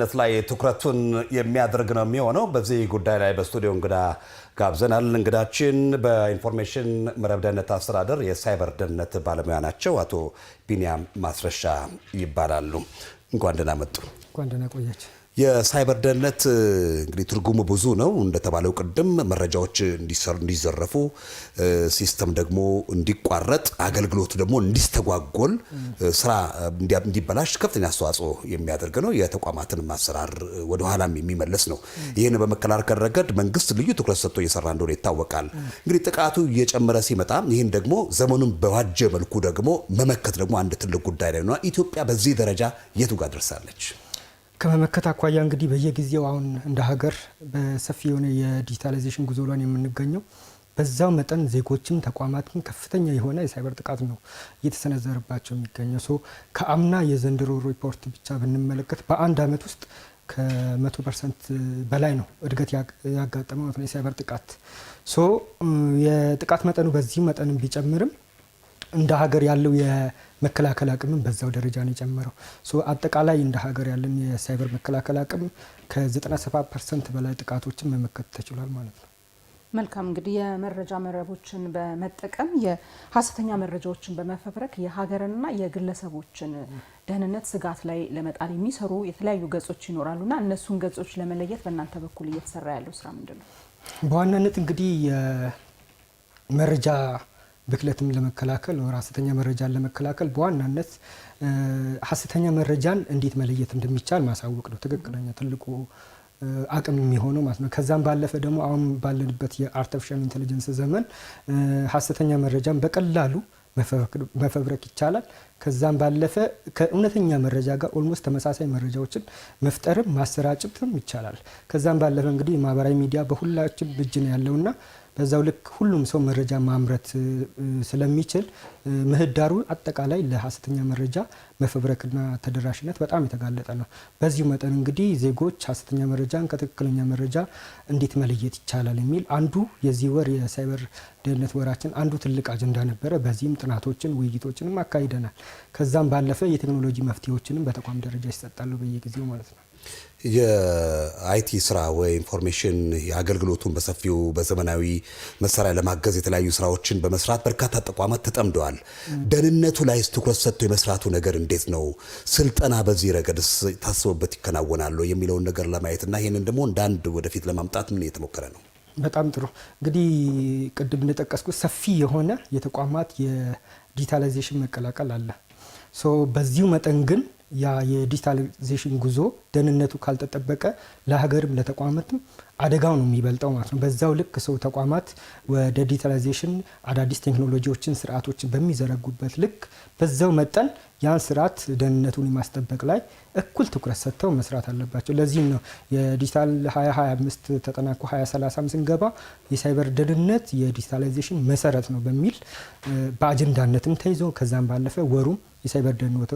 ነት ላይ ትኩረቱን የሚያደርግ ነው የሚሆነው። በዚህ ጉዳይ ላይ በስቱዲዮ እንግዳ ጋብዘናል። እንግዳችን በኢንፎርሜሽን መረብ ደህንነት አስተዳደር የሳይበር ደህንነት ባለሙያ ናቸው። አቶ ቢንያም ማስረሻ ይባላሉ። እንኳን ደህና መጡ። እንኳን ደህና የሳይበር ደህንነት እንግዲህ ትርጉሙ ብዙ ነው። እንደተባለው ቅድም መረጃዎች እንዲዘረፉ፣ ሲስተም ደግሞ እንዲቋረጥ፣ አገልግሎቱ ደግሞ እንዲስተጓጎል፣ ስራ እንዲበላሽ ከፍተኛ አስተዋጽኦ የሚያደርግ ነው። የተቋማትን ማሰራር ወደኋላም የሚመለስ ነው። ይህን በመከላከል ረገድ መንግስት ልዩ ትኩረት ሰጥቶ እየሰራ እንደሆነ ይታወቃል። እንግዲህ ጥቃቱ እየጨመረ ሲመጣ ይህን ደግሞ ዘመኑን በዋጀ መልኩ ደግሞ መመከት ደግሞ አንድ ትልቅ ጉዳይ ላይ ነው። ኢትዮጵያ በዚህ ደረጃ የቱ ጋር ደርሳለች? ከመመከት አኳያ እንግዲህ በየጊዜው አሁን እንደ ሀገር በሰፊ የሆነ የዲጂታላይዜሽን ጉዞ ላይ የምንገኘው በዛው መጠን ዜጎችም ተቋማትም ከፍተኛ የሆነ የሳይበር ጥቃት ነው እየተሰነዘረባቸው የሚገኘው። ሶ ከአምና የዘንድሮ ሪፖርት ብቻ ብንመለከት በአንድ ዓመት ውስጥ ከመቶ ፐርሰንት በላይ ነው እድገት ያጋጠመው የሳይበር ጥቃት። ሶ የጥቃት መጠኑ በዚህ መጠንም ቢጨምርም እንደ ሀገር ያለው የመከላከል አቅምም በዛው ደረጃ ነው የጨመረው። አጠቃላይ እንደ ሀገር ያለን የሳይበር መከላከል አቅም ከ97 ፐርሰንት በላይ ጥቃቶችን መመከት ተችሏል ማለት ነው። መልካም እንግዲህ የመረጃ መረቦችን በመጠቀም የሀሰተኛ መረጃዎችን በመፈብረክ የሀገርንና የግለሰቦችን ደህንነት ስጋት ላይ ለመጣል የሚሰሩ የተለያዩ ገጾች ይኖራሉና እነሱን ገጾች ለመለየት በእናንተ በኩል እየተሰራ ያለው ስራ ምንድን ነው? በዋናነት እንግዲህ የመረጃ ብክለትን ለመከላከል ሀሰተኛ መረጃን ለመከላከል በዋናነት ሀሰተኛ መረጃን እንዴት መለየት እንደሚቻል ማሳወቅ ነው ትክክለኛ ትልቁ አቅም የሚሆነው ማለት ነው። ከዛም ባለፈ ደግሞ አሁን ባለንበት የአርቲፊሻል ኢንቴሊጀንስ ዘመን ሀሰተኛ መረጃን በቀላሉ መፈብረክ ይቻላል። ከዛም ባለፈ ከእውነተኛ መረጃ ጋር ኦልሞስት ተመሳሳይ መረጃዎችን መፍጠርም ማሰራጨትም ይቻላል። ከዛም ባለፈ እንግዲህ ማህበራዊ ሚዲያ በሁላችን እጅ ነው ያለውና በዛው ልክ ሁሉም ሰው መረጃ ማምረት ስለሚችል ምህዳሩ አጠቃላይ ለሀሰተኛ መረጃ መፈብረክና ተደራሽነት በጣም የተጋለጠ ነው። በዚሁ መጠን እንግዲህ ዜጎች ሀሰተኛ መረጃን ከትክክለኛ መረጃ እንዴት መለየት ይቻላል የሚል አንዱ የዚህ ወር የሳይበር ደህንነት ወራችን አንዱ ትልቅ አጀንዳ ነበረ። በዚህም ጥናቶችን ውይይቶችንም አካሂደናል። ከዛም ባለፈ የቴክኖሎጂ መፍትሄዎችንም በተቋም ደረጃ ይሰጣሉ በየጊዜው ማለት ነው። የአይቲ ስራ ወይ ኢንፎርሜሽን የአገልግሎቱን በሰፊው በዘመናዊ መሳሪያ ለማገዝ የተለያዩ ስራዎችን በመስራት በርካታ ተቋማት ተጠምደዋል። ደህንነቱ ላይ ትኩረት ሰጥቶ የመስራቱ ነገር እንዴት ነው? ስልጠና በዚህ ረገድስ ታስበበት ይከናወናሉ የሚለውን ነገር ለማየት እና ይህንን ደግሞ እንደ አንድ ወደፊት ለማምጣት ምን እየተሞከረ ነው? በጣም ጥሩ። እንግዲህ ቅድም እንደጠቀስኩት ሰፊ የሆነ የተቋማት የዲጂታላይዜሽን መቀላቀል አለ። በዚሁ መጠን ግን ያ የዲጂታላይዜሽን ጉዞ ደህንነቱ ካልተጠበቀ ለሀገርም ለተቋማትም አደጋው ነው የሚበልጠው ማለት ነው። በዛው ልክ ሰው ተቋማት ወደ ዲጂታላይዜሽን አዳዲስ ቴክኖሎጂዎችን፣ ስርዓቶችን በሚዘረጉበት ልክ በዛው መጠን ያን ስርዓት ደህንነቱን የማስጠበቅ ላይ እኩል ትኩረት ሰጥተው መስራት አለባቸው። ለዚህም ነው የዲጂታል 2025 ተጠናቆ 2030 ስንገባ የሳይበር ደህንነት የዲጂታላይዜሽን መሰረት ነው በሚል በአጀንዳነትም ተይዞ ከዛም ባለፈ ወሩም የሳይበር ደህንነት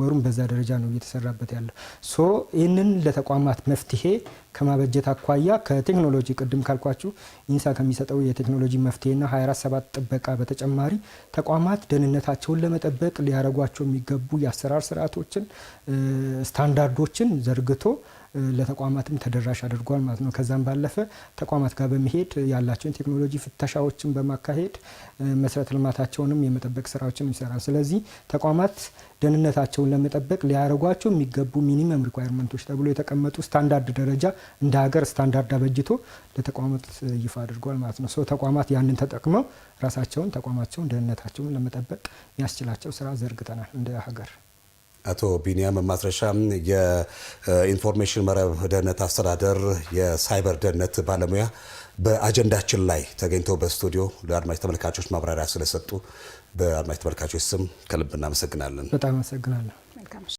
ወሩም በዛ ደረጃ ነው እየተሰራበት ያለው። ሶ ይህንን ለተቋማት መፍትሄ ከማበጀት አኳያ ከቴክኖሎጂ ቅድም ካልኳችሁ ኢንሳ ከሚሰጠው የቴክኖሎጂ መፍትሄና 27 ጥበቃ በተጨማሪ ተቋማት ደህንነታቸውን ለመጠበቅ ሊያደርጓቸው የሚገቡ የአሰራር ስርዓቶችን፣ ስታንዳርዶችን ዘርግቶ ለተቋማትም ተደራሽ አድርጓል ማለት ነው። ከዛም ባለፈ ተቋማት ጋር በመሄድ ያላቸውን ቴክኖሎጂ ፍተሻዎችን በማካሄድ መሰረተ ልማታቸውንም የመጠበቅ ስራዎችን ይሰራል። ስለዚህ ተቋማት ደህንነታቸውን ለመጠበቅ ሊያደርጓቸው የሚገቡ ሚኒመም ሪኳየርመንቶች ተብሎ የተቀመጡ ስታንዳርድ ደረጃ እንደ ሀገር ስታንዳርድ አበጅቶ ለተቋማት ይፋ አድርጓል ማለት ነው። ሰው ተቋማት ያንን ተጠቅመው ራሳቸውን፣ ተቋማቸውን፣ ደህንነታቸውን ለመጠበቅ ያስችላቸው ስራ ዘርግተናል እንደ ሀገር። አቶ ቢኒያም ማስረሻ የኢንፎርሜሽን መረብ ደህንነት አስተዳደር የሳይበር ደህንነት ባለሙያ በአጀንዳችን ላይ ተገኝተው በስቱዲዮ ለአድማጭ ተመልካቾች ማብራሪያ ስለሰጡ በአድማጭ ተመልካቾች ስም ከልብ እናመሰግናለን። በጣም አመሰግናለሁ።